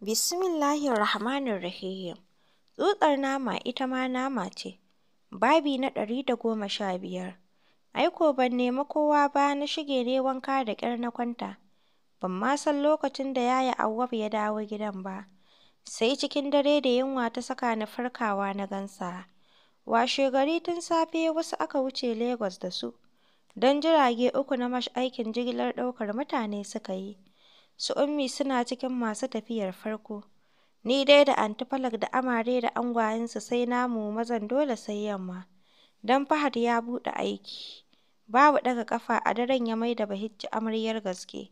Bismillahir Rahmanir Rahim. Tsutsar nama ita ma nama ce. Babi na ɗari da goma sha biyar. Aiko ban nemi kowa ba na shige ne wanka da ƙyar na kwanta. Ban ma san lokacin da yaya Awwab ya dawo gidan ba. Sai cikin dare da yunwa ta saka ni farkawa na gansa. Washe gari tun safe wasu aka wuce Lagos da su. Don jirage uku na mash aikin jigilar ɗaukar mutane suka yi. su Ummi suna cikin masu tafiyar farko. Ni dai da Anty da amare da angwayensu sai namu mazan dole sai yamma. Don Fahad ya buɗe aiki. Babu ɗaga ƙafa a daren ya maida Bahijja amaryar gaske.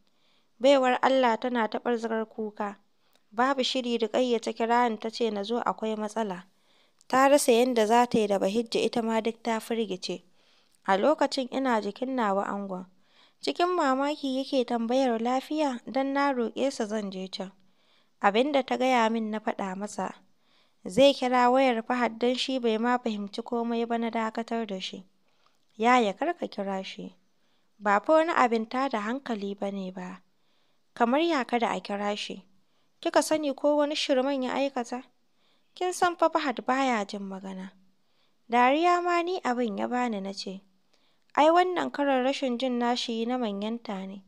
Baiwar Allah tana taɓar ɓarzagar kuka. Babu shiri da ta kira ta ce na zo akwai matsala. Ta rasa yadda za ta yi da Bahijja ita ma duk ta firgice. A lokacin ina jikin nawa angon. Cikin mamaki yake tambayar lafiya don na roƙe sa zan je can, abin da ta gaya min na faɗa masa, zai kira wayar Fahad don shi bai ma fahimci komai ba na dakatar da shi, yaya kar ka kira shi, ba fa wani abin ta da hankali ba ne ba, kamar ya kada a kira shi, kika sani ko wani shirman ya aikata, kin san fa Fahad baya jin magana. Dariya ma ni abin ya bani na ce, Ai wannan karar rashin jin nashi na manyanta ne,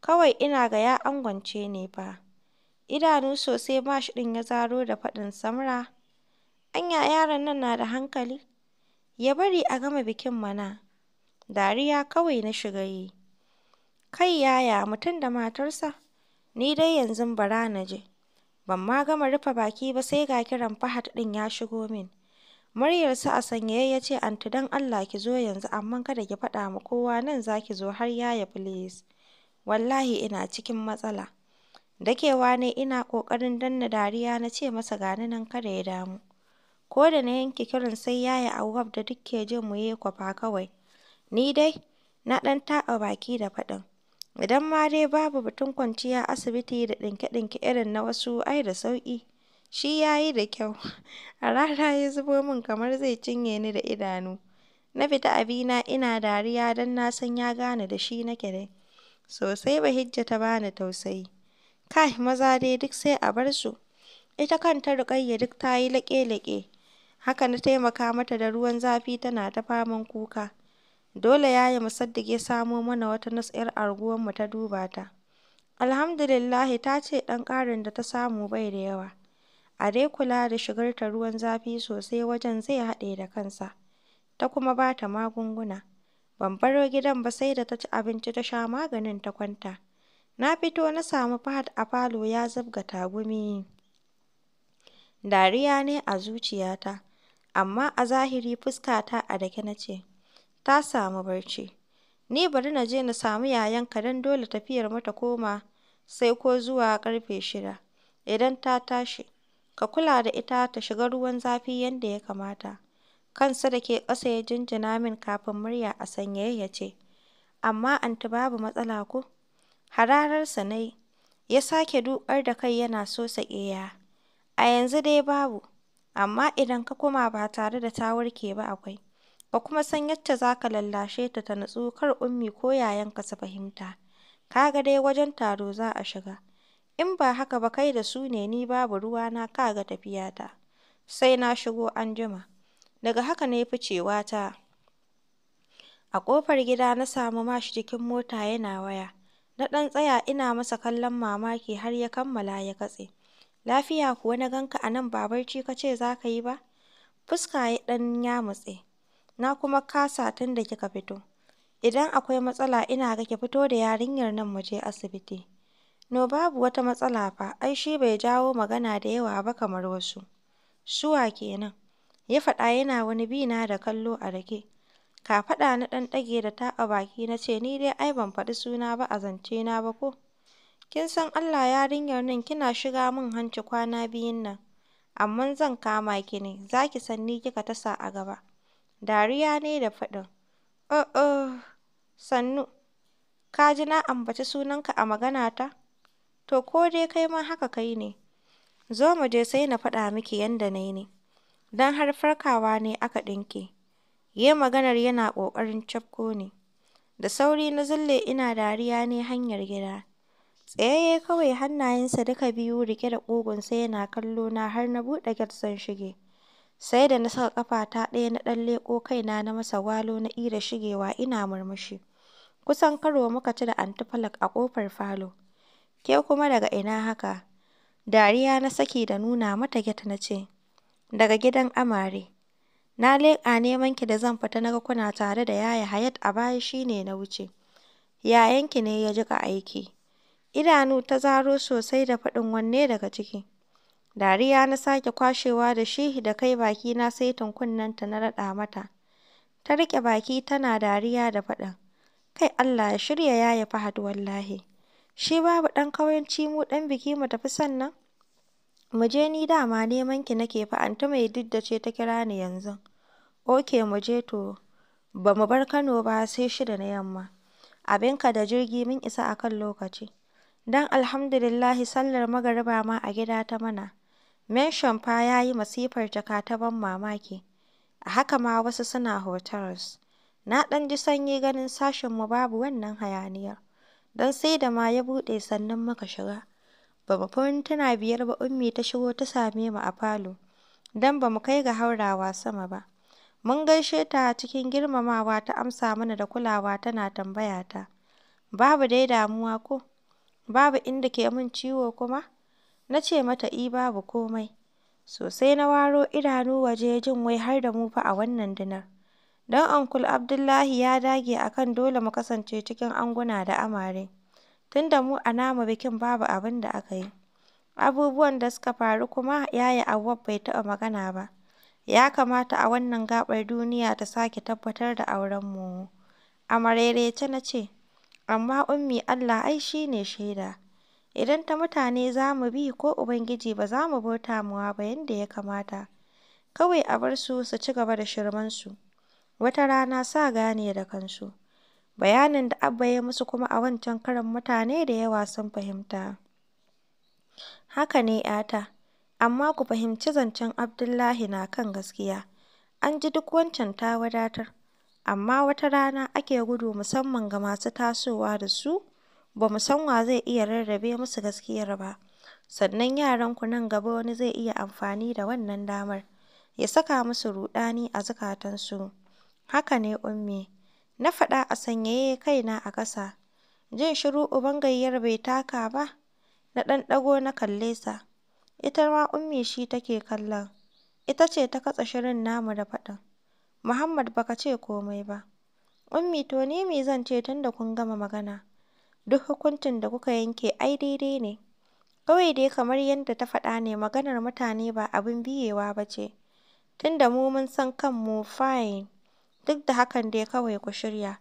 kawai ina ga ya angwance ne fa, idanu sosai shi ɗin ya zaro da faɗin samra, anya yaron nan na da hankali, ya bari a gama bikin mana, dariya kawai na shiga yi. Kai yaya mutum da matarsa, ni dai yanzu bara na je, ban ma gama rufe baki ba sai ga kiran Fahad ɗin ya shigo min. Muryarsa a sanyaye ya ce, "Anty don Allah ki zo yanzu amma kada ki faɗa ma kowa nan za ki zo har ya yi Plaza, wallahi ina cikin matsala." Dakewa ne ina ƙoƙarin danna dariya na ce masa gani nan kada ya damu. Ko da na yanke kiran sai ya yi Auwab da duk ke jin mu yi kwafa kawai. Ni dai na ɗan taɓa baki da faɗin, "Idan ma dai babu batun kwanciya asibiti da ɗinke-ɗinke irin na wasu ai da sauƙi." Shi ya yi da kyau, a rana ya zubo min kamar zai cinye ni da idanu, na fita abina ina dariya don na san ya gane da shi nake dai. Sosai Bahijja ta bani tausayi. Kai maza dai duk sai a bar su. Ita kanta Rukayya duk ta yi laƙe-laƙe. Haka na taimaka mata da ruwan zafi tana ta faman kuka. Dole Yaya mu ya samo mana wata nas 'yar ta duba ta. Alhamdulillahi ta ce ɗan ƙarin da ta samu bai da yawa. a dai kula da shigar shigarta ruwan zafi sosai wajen zai haɗe da kansa, ta kuma ba ta magunguna. Ban baro gidan ba sai da ta ci abinci ta sha maganin ta kwanta. Na fito na samu Fahad a falo ya zabga tagumi. Dariya ne a zuciyata, amma a zahiri fuskata a dake na ce, ta samu barci. Ni bari na je na samu yayanka don dole tafiyar mata koma sai ko zuwa karfe shida, idan ta tashi. ka kula da ita ta shiga ruwan zafi yadda ya kamata. Kansa da ke ƙasa ya jinjina min kafin murya a sanyaye ya ce, Amma anti babu matsala ku? Hararsa na ya sake duƙar da kai yana so saƙeya. A yanzu dai babu, amma idan ka koma ba tare da ta warke ba akwai. Ka kuma san yadda za ka lallashe ta ta natsu kar Ummi ko yayanka su fahimta. Ka ga dai wajen taro za a shiga. In ba haka ba kai da su ne ni babu ruwa ka ga tafiyata, sai na shigo an Daga haka na ficewa ta? A ƙofar gida na samu mashi jikin mota yana waya. Na ɗan tsaya ina masa kallon mamaki har ya kammala ya katse. Lafiya kuwa na ganka a nan ba barci ka ce za ka yi ba? Fuska ya ɗan yamutse. Na kuma kasa tun da kika fito. Idan akwai matsala ina ga ki fito da yarinyar nan mu je asibiti. No babu wata matsala fa, ai shi bai jawo magana da yawa ba kamar wasu. Suwa kenan. ya faɗa yana wani bi na da kallo a rake. Kafaɗa na ɗan ɗage da taɓa baki na ce ni dai ai ban faɗi suna ba a zance na ba ko. Kin san Allah yarinyar nan kina shiga min hanci kwana biyun nan. Amma zan kama ki ne, za ki san ni kika tasa a gaba. Dariya ne da faɗin. Oh oh, sannu, ka ji na ambaci sunanka a magana ta? To ko dai kai ma haka kai ne? Zo mu je sai na faɗa miki yanda na yi ne. dan har farkawa ne aka ɗinke. Ye maganar yana ƙoƙarin cafko ne. Da sauri na zille ina dariya ne hanyar gida. Tsayayye kawai hannayensa duka biyu rike da sai yana kallo na har na buɗe gate zan shige. Sai da na saka ta ɗaya na ɗan leƙo kaina na masa walo na ira shigewa ina murmushi. Kusan karo muka ci da Anty a ƙofar falo. Ke kuma daga ina haka? Dariya na saki da nuna mata get na ce, Daga gidan amare. Na leƙa neman ki da zan fita na ga kuna tare da Yaya Hayat a baya shi ne na wuce. Yayanki ne ya jiƙa aiki. Idanu ta zaro sosai da faɗin wanne daga ciki. Dariya na sake kwashewa da shi da kai baki na bakina saitin ta na raɗa mata. Ta riƙe baki tana dariya da faɗin, Kai Allah ya shirya Yaya Fahad wallahi. Shi babu ɗan kawanci mu ɗan biki mu tafi sannan? Mu je ni dama neman ki nake fa mai Maiduguri ce ta kira ni yanzu Ok mu je to ba mu bar Kano ba sai shida na yamma. Abinka da jirgi mun isa a kan lokaci. Dan alhamdulillahi sallar magariba ma a gida ta mana. Menshon fa ya yi masifar jaka ta ban mamaki. A haka ma wasu suna hotels. Na ɗan ji sanyi ganin sashenmu babu wannan hayaniyar. don sai da ma ya buɗe sannan muka shiga. Ba mu fi biyar ba Ummi ta shigo ta same mu a falo, don ba mu kai ga haurawa sama ba. Mun gaishe ta cikin girmamawa ta amsa mana da kulawa tana tambaya ta, babu dai damuwa ko? Babu inda ke mun ciwo kuma? Na ce mata i babu komai. Sosai na waro idanu waje jin wai har da mu fa a wannan dinar. Don Uncle Abdullahi ya dage a kan dole mu kasance cikin anguna da amare, tun da mu a namu bikin babu abin da aka yi, abubuwan da suka faru kuma Yaya Auwal bai taɓa magana ba, ya kamata a wannan gaɓar duniya ta sake tabbatar da auren mu. a marerece na ce, amma Ummi Allah ai shi ne shaida, idan ta mutane za mu bi ko Ubangiji ba za mu bauta muwa ba yadda ya kamata, kawai a bar su su ci gaba da shirmansu. wata rana sa gane da kansu. Bayanin da Abba ya musu kuma a wancan karan mutane da yawa sun fahimta. Haka ne 'yata, amma ku fahimci zancen Abdullahi na kan gaskiya. An ji duk wancan ta wadatar. Amma wata rana ake gudu musamman ga masu tasowa da su ba mu san zai iya rarrabe musu gaskiyar ba. Sannan yaranku nan gaba wani zai iya amfani da wannan damar ya saka musu ruɗani a zukatansu. Haka ne Ummi, na faɗa a sanyaye kaina a ƙasa. Jin shiru uban gayyar bai taka ba, na ɗan ɗago na kalle sa. Ita ma Ummi shi take kallon. Ita ce ta katse shirin namu da faɗin, Muhammad baka ce komai ba. Ummi to ni me zan ce tun da kun gama magana? Duk hukuncin da kuka yanke ai daidai ne. Kawai dai kamar yadda ta faɗa ne maganar mutane ba abin biyewa ba ce, tunda mu mun san kanmu fine. Duk da hakan dai kawai ku shirya,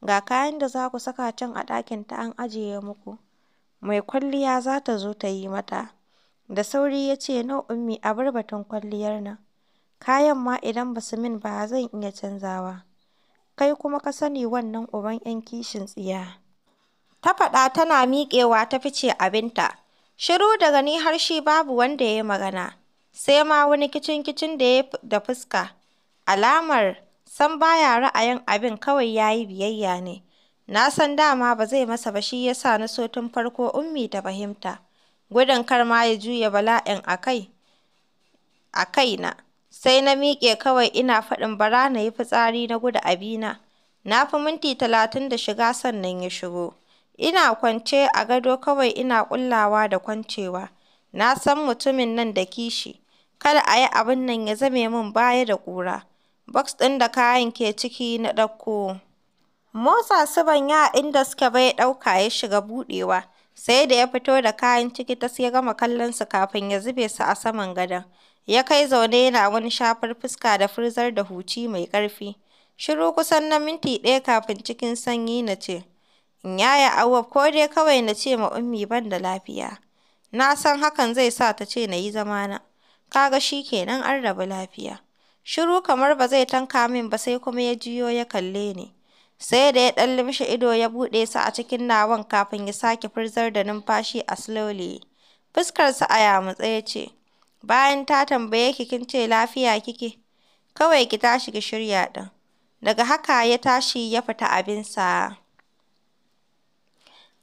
ga kayan da za ku saka can a ɗakin ta an ajiye muku, mai kwalliya za ta zo ta yi mata. Da sauri ya ce, na Ummi, a bar batun kwalliyar nan, kayan ma idan ba su min ba zan iya canzawa, kai kuma ka sani wannan uban 'yan kishin tsiya. Ta faɗa tana miƙewa ta fice abinta. Shiru daga ni har shi babu wanda ya yi magana, sai ma wani kicin-kicin da ya da fuska, alamar San ba ya ra'ayin abin kawai ya yi biyayya ne, na san dama ba zai masa ba shi ya sa na so tun farko Ummi ta fahimta, gudun kar ma ya juya bala'in a na. sai na miƙe kawai ina faɗin bara na yi fitsari na gudu abina, na fi minti talatin da shiga sannan ya shigo. Ina kwance a gado kawai ina ƙullawa da kwancewa. Na san mutumin nan da kishi. Kada a yi abin nan ya zame min baya da ƙura. Box ɗin da kayan ke ciki na ɗauko. Motsa su ban inda suke bai ɗauka ya shiga buɗewa. Sai da ya fito da kayan ciki ta sai gama kallon su kafin ya zube su a saman gadon. Ya kai zaune yana wani shafar fuska da furzar da huci mai ƙarfi. Shiru kusan na minti ɗaya kafin cikin sanyi na ce, In yaya auwa ko dai kawai na ce ma Ummi ban da lafiya. Na san hakan zai sa ta ce na yi zamana. Ka ga shi kenan an rabu lafiya. Shiru kamar ba zai tanka min ba sai kuma ya jiyo ya kalle ni. Sai da ya ɗan limshe ido ya buɗe su a cikin nawan kafin ya sake furzar da numfashi a slowly. Fuskarsa a yamutse ya ce, bayan ta tambaye ki kin ce lafiya kike, kawai ki tashi ki shirya ɗin. Daga haka ya tashi ya fita abinsa.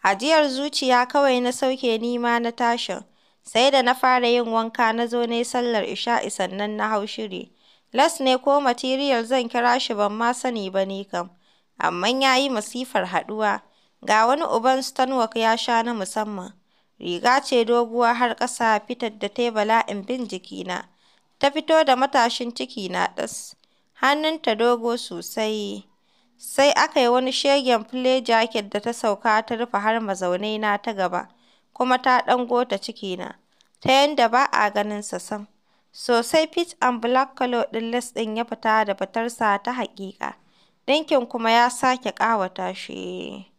Ajiyar zuciya kawai na sauke nima na tashin, sai da na fara yin wanka na zo na yi sallar isha'i sannan na hau shiri. Las ne ko material zan kira shi ban ma sani ba ni kam, amma ya yi masifar haɗuwa, ga wani uban Stanwark ya sha na musamman, riga ce doguwa har ƙasa fitar da ta bala'in bin jikina, ta fito da matashin ciki na ɗas, ta dogo sosai, sai aka yi wani shegen fule jaket da ta sauka ta rufe har mazaunai na ta gaba, kuma ta ɗango ta cikina, ta yanda ba a ganin sa sam. Sosai Peach and Black color ɗin les ɗin ya fita da fitarsa ta haƙiƙa, ɗinkin kuma ya sake ƙawata shi.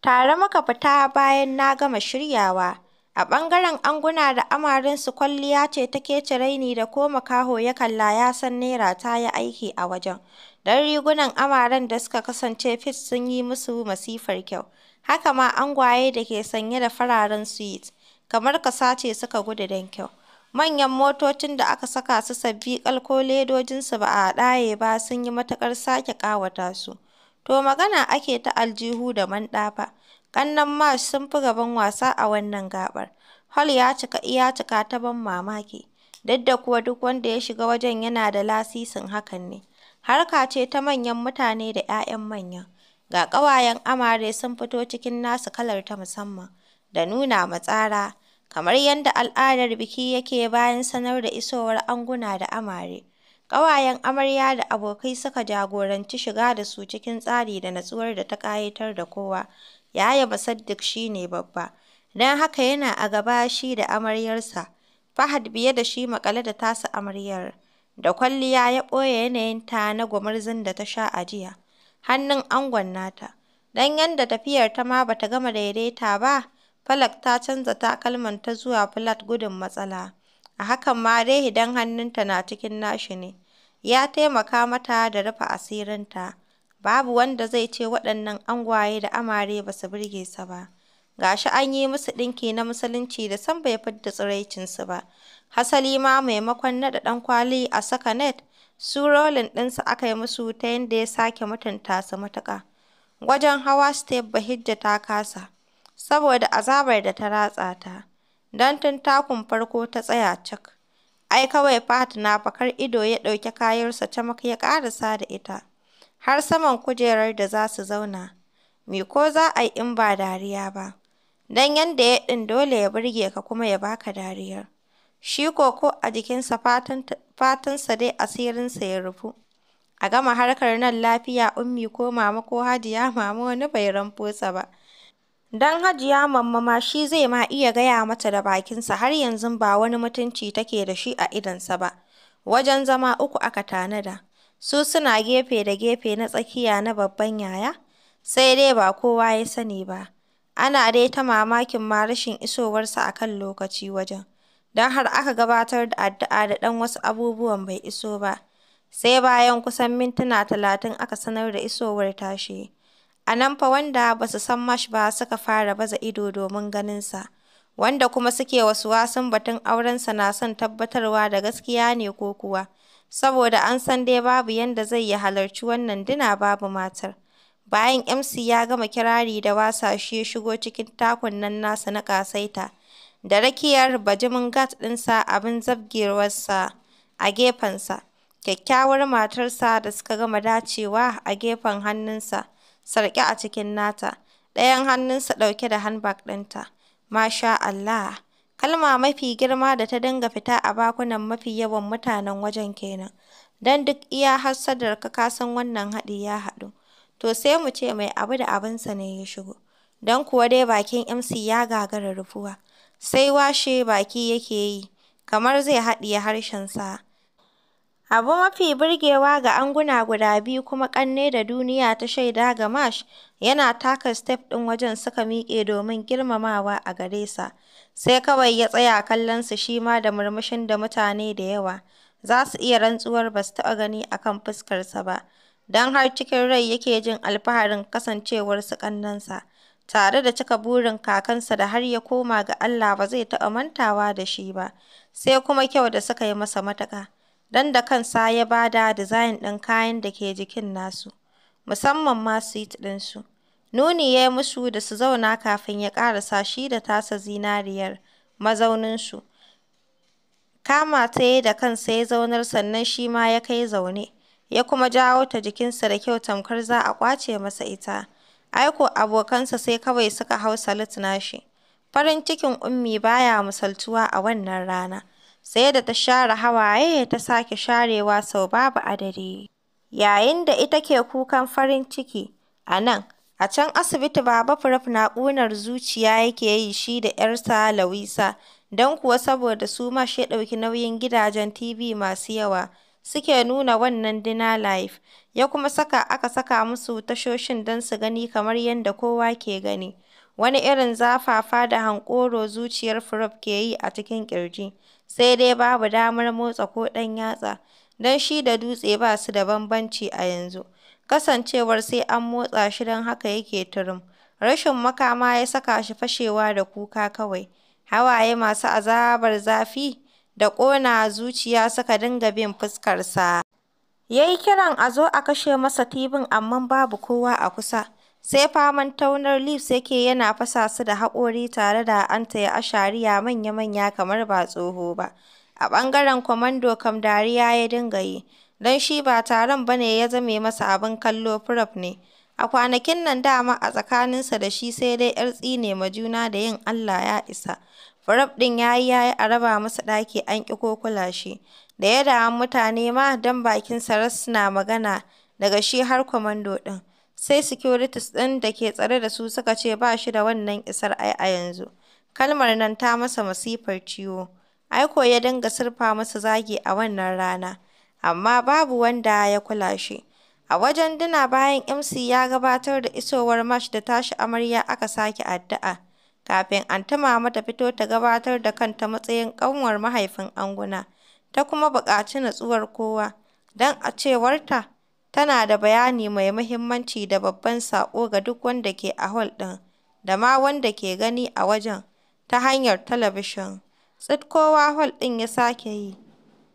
Tare muka fita bayan na gama shiryawa. A ɓangaren anguna da amarensu kwalliya ce take kece da ko makaho ya kalla ya san Naira ta yi aiki a wajen, don rigunan amaren da suka kasance fit sun yi musu masifar kyau. Haka ma angwaye da ke sanye da fararen suit, kamar ka sace suka gudu don kyau. Manyan motocin da aka saka su sabbi ƙal ledojinsu ba a ɗaye ba sun yi matuƙar sake ƙawata su. To magana ake ta aljihu da manɗafa. Ƙannen Mars sun fi gaban wasa a wannan gaɓar. Hall ya cika iya cika ta ban mamaki. Duk da kuwa duk wanda ya shiga wajen yana da lasisin hakan ne. Harka ce ta manyan mutane da 'ya'yan manya. Ga ƙawayen amare sun fito cikin nasu kalar ta musamman da nuna matsara kamar yadda al'adar biki yake bayan sanar da isowar anguna da amare. Ƙawayen amarya da abokai suka jagoranci shiga da su cikin tsari da natsuwar da ta ƙayatar da kowa. Yaya Basaddik shi ne babba, don haka yana a gaba shi da amaryarsa. Fahad biye da shi maƙale da tasa amaryar, da kwalliya ya ɓoye yanayin ta na gwamarzin da ta sha a jiya. Hannun angon nata, don yadda tafiyar ta ma bata gama daidaita ba. Flake ta canza takalmanta zuwa flat gudun matsala, a hakan ma dai idan hannunta na cikin nashi ne, ya taimaka mata da rufe asirinta, babu wanda zai ce waɗannan angwaye da amare ba su burge sa ba, ga shi an yi musu ɗinki na Musulunci da san bai fidda tsiraicinsu ba, hasali ma maimakon naɗa kwali a saka net, su rolin ɗinsa aka yi musu ta yadda ya sake mutunta su matuƙa, wajen hawa step Bahijja ta kasa. saboda azabar da ta ratsa ta, don tun takun farko ta tsaya cak. Ai kawai Fahad na fakar ido ya ɗauki kayarsa ta maka ya ƙarasa da ita, har saman kujerar da za su zauna. Me ko za a yi in ba dariya ba? Don yanda ya ɗin dole ya burge ka kuma ya baka dariyar. Shi ko ko a jikinsa fatansa dai asirinsa ya rufu. A gama harkar nan lafiya ummi ko mama ko hajiya mama wani bai ramfosa ba. Don Hajiya Mamma shi zai ma iya gaya mata da bakinsa har yanzu ba wani mutunci take da shi a idonsa ba, wajen zama uku aka tanada, su suna gefe da gefe na tsakiya na babban yaya, sai dai ba kowa ya sani ba, ana dai ta mamakin ma rashin isowarsa a kan lokaci wajen, don har aka gabatar da addu'a da ɗan wasu abubuwan bai iso ba, sai bayan kusan mintuna talatin aka sanar da isowar tashi. A nan fa wanda ba su san mash ba suka fara baza ido domin ganin sa wanda kuma suke wasu wasan batun aurensa na son tabbatarwa da gaskiya ne ko kuwa, saboda an san dai babu yanda zai ya halarci wannan dina babu matar. Bayan MC ya gama kirari da wasa ya shigo cikin takun nan nasa na kasaita da rakiyar bajimin gat ɗinsa abin zabgewarsa a gefensa, kyakkyawar matarsa da suka gama dacewa a gefen hannunsa. sarƙe a cikin nata, ɗayan hannunsa ɗauke da handbag ɗinta. Masha Allah! Kalma mafi girma da ta dinga fita a bakunan mafi yawan mutanen wajen kenan. Don duk iya hassadar ka san wannan haɗi ya haɗu. To sai mu ce mai abu da abinsa ne ya shigo. Don kuwa dai bakin MC ya gagara rufuwa. Sai washe baki yake yi, kamar zai haɗiye harshen sa. Abu mafi burgewa ga anguna guda biyu kuma ƙanne da duniya ta shaida ga Marsh yana taka step ɗin wajen suka miƙe domin girmamawa a gare sa, sai kawai ya tsaya kallon su shi ma da murmushin da mutane da yawa za su iya rantsuwar ba su taɓa gani a kan fuskarsa ba, don har cikin rai yake jin alfaharin kasancewar kasancewarsu ƙannensa, tare da cika burin kakansa da har ya koma ga Allah ba zai taɓa mantawa da shi ba, sai kuma kyau da suka yi masa matuƙa. don da kansa ya ba da dizayin ɗin kayan da ke jikin nasu, musamman ma suit ɗinsu, nuni ya yi musu da su zauna kafin ya ƙarasa shi da tasa zinariyar mazauninsu, kama ta yi da kansa ya zaunar sannan shi ma ya kai zaune, ya kuma jawo ta jikinsa da kyau tamkar za a ƙwace masa ita, ai abokansa sai kawai suka hau salit nashi. Farin cikin Ummi ba ya misaltuwa a wannan rana. sai da ta share hawaye ta sake sharewa sau babu adadi. Yayin da ita ke kukan farin ciki, a nan, a can asibiti Baba Prof na ƙunar zuciya yake yi shi da 'yarsa Lawisa, don kuwa saboda su ma shi ɗauki nauyin gidajen TV masu yawa suke nuna wannan Dina life ya kuma saka aka saka musu tashoshin don su gani kamar yadda kowa ke gani. Wani irin zafafa da hankoro zuciyar Prof ke yi a cikin ƙirji. sai dai babu damar motsa ko ɗan yatsa, don shi da dutse ba su da bambanci a yanzu, kasancewar sai an motsa shi don haka yake turum. Rashin makama ya saka shi fashewa da kuka kawai, hawaye masu azabar zafi da ƙona zuciya suka dinga bin fuskarsa. Ya yi kiran a zo a kashe masa tibin amma babu kowa a kusa. Sai faman taunar leaves yake yana fasa su da haƙori tare da ha'anta a shari'a manya-manya kamar ba tsoho ba. A ɓangaren kwamando kam dariya ya dinga yi, don shi ba taron ba ne ya zame masa abin kallo furof ne. A kwanakin nan dama a tsakaninsa da shi sai dai 'yar tsine ma juna da yin Allah ya isa. Furof ɗin ya yi ya a raba masa ɗaki an ƙi ko kula shi. Da ya damu mutane ma don bakin sarasina suna magana daga shi har kwamando ɗin. sai Securities ɗin da ke tsare da su suka ce ba shi da wannan isar ai a yanzu. Kalmar nan ta masa masifar ciwo. Aiko ya dinga surfa masa zagi a wannan rana, amma babu wanda ya kula shi. A wajen dina bayan MC ya gabatar da isowar mash da tashi amarya aka sake addu'a. Kafin an tuma mata fito ta gabatar da kanta matsayin ƙanwar mahaifin anguna, ta kuma buƙaci natsuwar kowa, don a cewarta Tana da bayani mai muhimmanci da babban saƙo ga duk wanda ke a hall ɗin da ma wanda ke gani a wajen ta hanyar talabijin, tsitkowa Hall ɗin ya sake yi,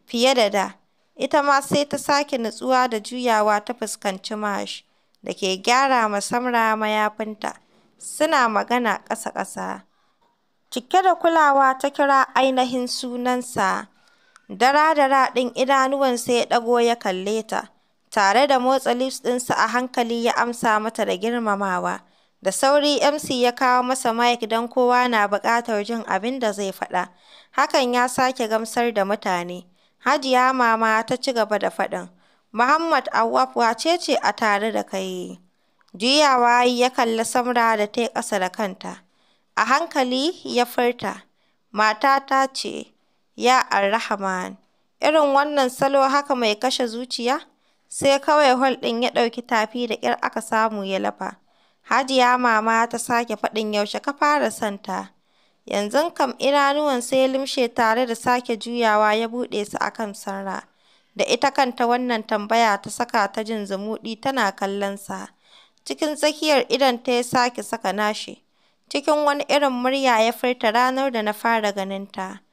fiye da da, ita ma sai ta sake nutsuwa da juyawa ta fuskanci mash da ke gyara ma Samra mayafinta, suna magana ƙasa-ƙasa, cike da kulawa ta kira ainihin sunansa, dara-dara ɗin idanuwansa ya ɗago ya kalle ta. Tare da motsa lips ɗinsa a hankali ya amsa mata da girmamawa. Da sauri MC ya kawo masa mic don kowa na buƙatar jin abin da zai faɗa. Hakan ya sake gamsar da mutane. Hajiya Mama ta ci gaba da faɗin, Muhammad Awwaf wace ce a tare da kai? Juyawa ya kalli Samra da ta yi ƙasa da kanta. A hankali ya furta, ta ce, ya ar Irin wannan salo haka mai kashe zuciya? sai kawai hol ɗin ya ɗauki tafi da ƙyar aka samu ya lafa. Hajiya Mama ta sake faɗin yaushe ka fara santa. Yanzu kam idanuwan sai ya limshe tare da sake juyawa ya buɗe su a kan sarra Da ita kanta wannan tambaya ta saka ta jin zumuɗi tana kallon sa. Cikin tsakiyar idan ta ya sake saka nashi. Cikin wani irin murya ya furta ranar da na fara ganin ta.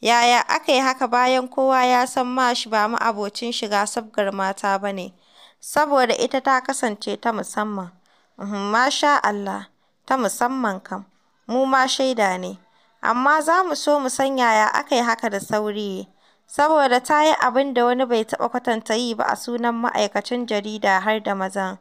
Yaya aka yi haka bayan kowa ya san Marsh ba ma'abocin shiga sabgar mata ba ne, saboda ita ta kasance ta musamman, uhmm masha Allah, ta musamman kam, mu ma shaida ne, amma za mu so mu san yaya aka yi haka da sauri, saboda ta yi abin da wani bai taɓa kwatanta yi ba a sunan ma'aikacin jarida har da mazan.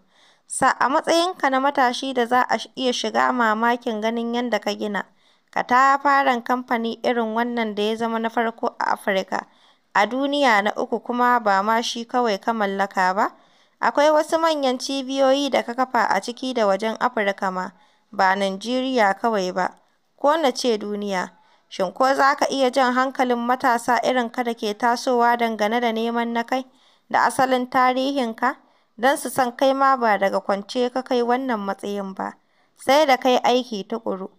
Sa a matsayinka na matashi da za a iya shiga mamakin ganin yadda ka gina Ka Katafaren kamfani irin wannan da ya zama na farko a Afirka, a duniya na uku kuma ba ma shi kawai ka mallaka ba, akwai wasu manyan cibiyoyi da ka kafa a ciki da wajen Afirka ma, ba Najeriya kawai ba, ko na ce duniya, shin ko za ka iya jan hankalin matasa ka da ke tasowa dangane da neman na kai da asalin tarihinka, don su san kai ma ba daga kwance ka kai wannan matsayin ba, sai da kai aiki tuƙuru.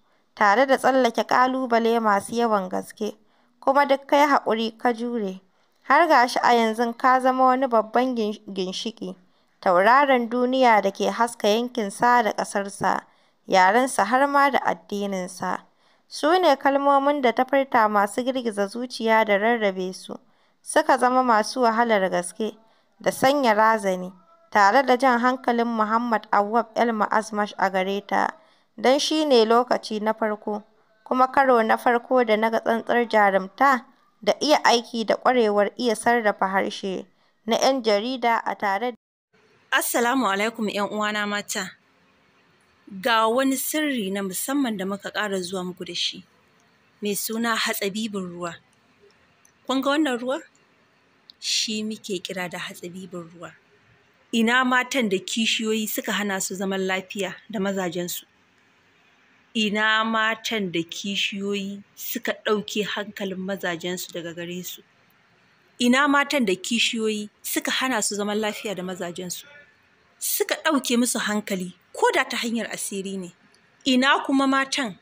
tare da tsallake ƙalubale masu yawan gaske, kuma duk kai haƙuri ka jure, har ga shi a yanzu ka zama wani babban ginshiƙi, tauraron duniya da ke haska yankinsa da ƙasarsa, yarensa har ma da addininsa. Su ne kalmomin da ta furta masu girgiza zuciya da rarrabe su, suka zama masu wahalar gaske da sanya razani, tare da jan hankalin Muhammad awwab El-Ma'azmash a gare ta. don shi ne lokaci na farko kuma karo na farko da na ga tsantsar jarumta da iya aiki da ƙwarewar iya sarrafa harshe na 'yan jarida a tare da Assalamu alaikum 'yan uwana mata. Ga wani sirri na musamman da muka ƙara zuwa muku da shi, mai suna hatsabibin ruwa. Kun ga wannan ruwa? Shi muke kira da hatsabibin ruwa. Ina matan da kishiyoyi suka hana su zaman lafiya da mazajensu. ina matan da kishiyoyi suka ɗauke hankalin mazajensu daga gare su ina matan da kishiyoyi suka hana su zaman lafiya da mazajensu suka ɗauke musu hankali ko da ta hanyar asiri ne ina kuma matan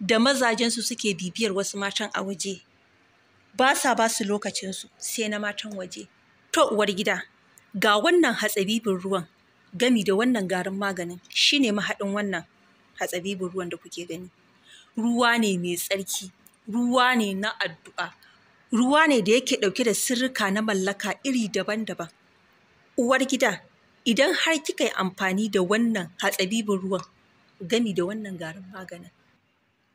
da mazajensu suke bibiyar wasu matan a waje ba sa ba su lokacinsu sai na matan waje to uwar gida ga wannan hatsabibin ruwan gami da wannan garin maganin shine mahaɗin wannan hatsabibin ruwan da kuke gani ruwa ne mai tsarki ruwa ne na addu'a ruwa ne da yake ɗauke da sirrika na mallaka iri daban-daban uwar gida idan har kika yi amfani da wannan hatsabibin ruwan gami da wannan garin maganin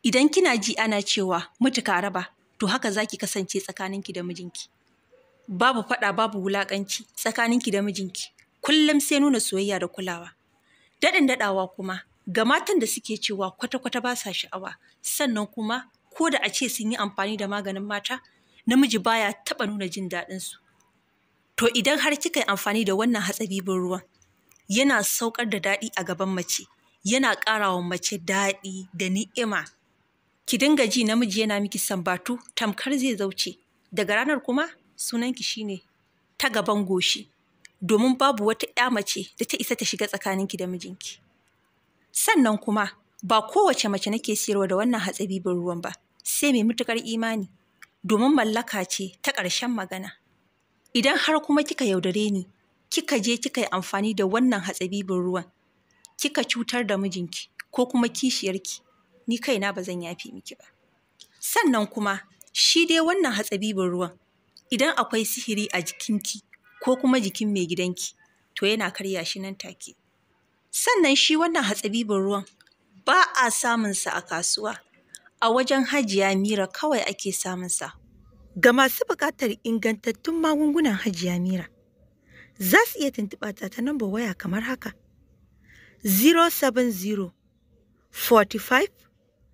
idan kina ji ana cewa mutu ka raba to haka za ki kasance tsakaninki da mijinki babu faɗa babu wulaƙanci tsakaninki da mijinki kullum sai nuna soyayya da kulawa daɗin daɗawa kuma ga matan da suke cewa kwata-kwata ba sa sha'awa sannan kuma ko da a ce sun yi amfani da maganin mata namiji baya taɓa nuna jin daɗinsu to idan har kika yi amfani da wannan hatsari bin ruwan yana saukar da daɗi a gaban mace yana ƙara mace daɗi da ni'ima ki dinga ji namiji yana miki sambatu tamkar zai zauce daga ranar kuma sunanki shine ta gaban goshi domin babu wata 'ya mace da ta isa ta shiga tsakaninki da mijinki Sannan kuma ba kowace mace nake siyarwa da wannan hatsabibin ruwan ba, sai mai matuƙar imani, domin mallaka ce ta ƙarshen magana. Idan har kuma kika yaudare ni, kika je kika yi amfani da wannan hatsabibin ruwan, kika cutar da mijinki ko kuma kishiyarki, ni kaina ba zan yafi miki ba. Sannan kuma shi dai wannan hatsabibin ruwan, idan akwai sihiri a jikinki ko kuma jikin mai gidanki, to yana karya shi nan take. Sannan shi wannan hatsabibin ruwan ba a samun sa a kasuwa, a wajen hajiya mira kawai ake samun sa. Ga masu buƙatar ingantattun magungunan hajiya mira, za su iya tuntuɓa ta ta nan waya kamar haka. 070 45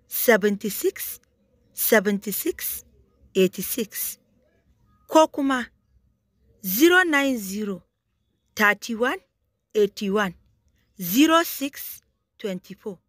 76 76 86 ko kuma 090 31 81 0624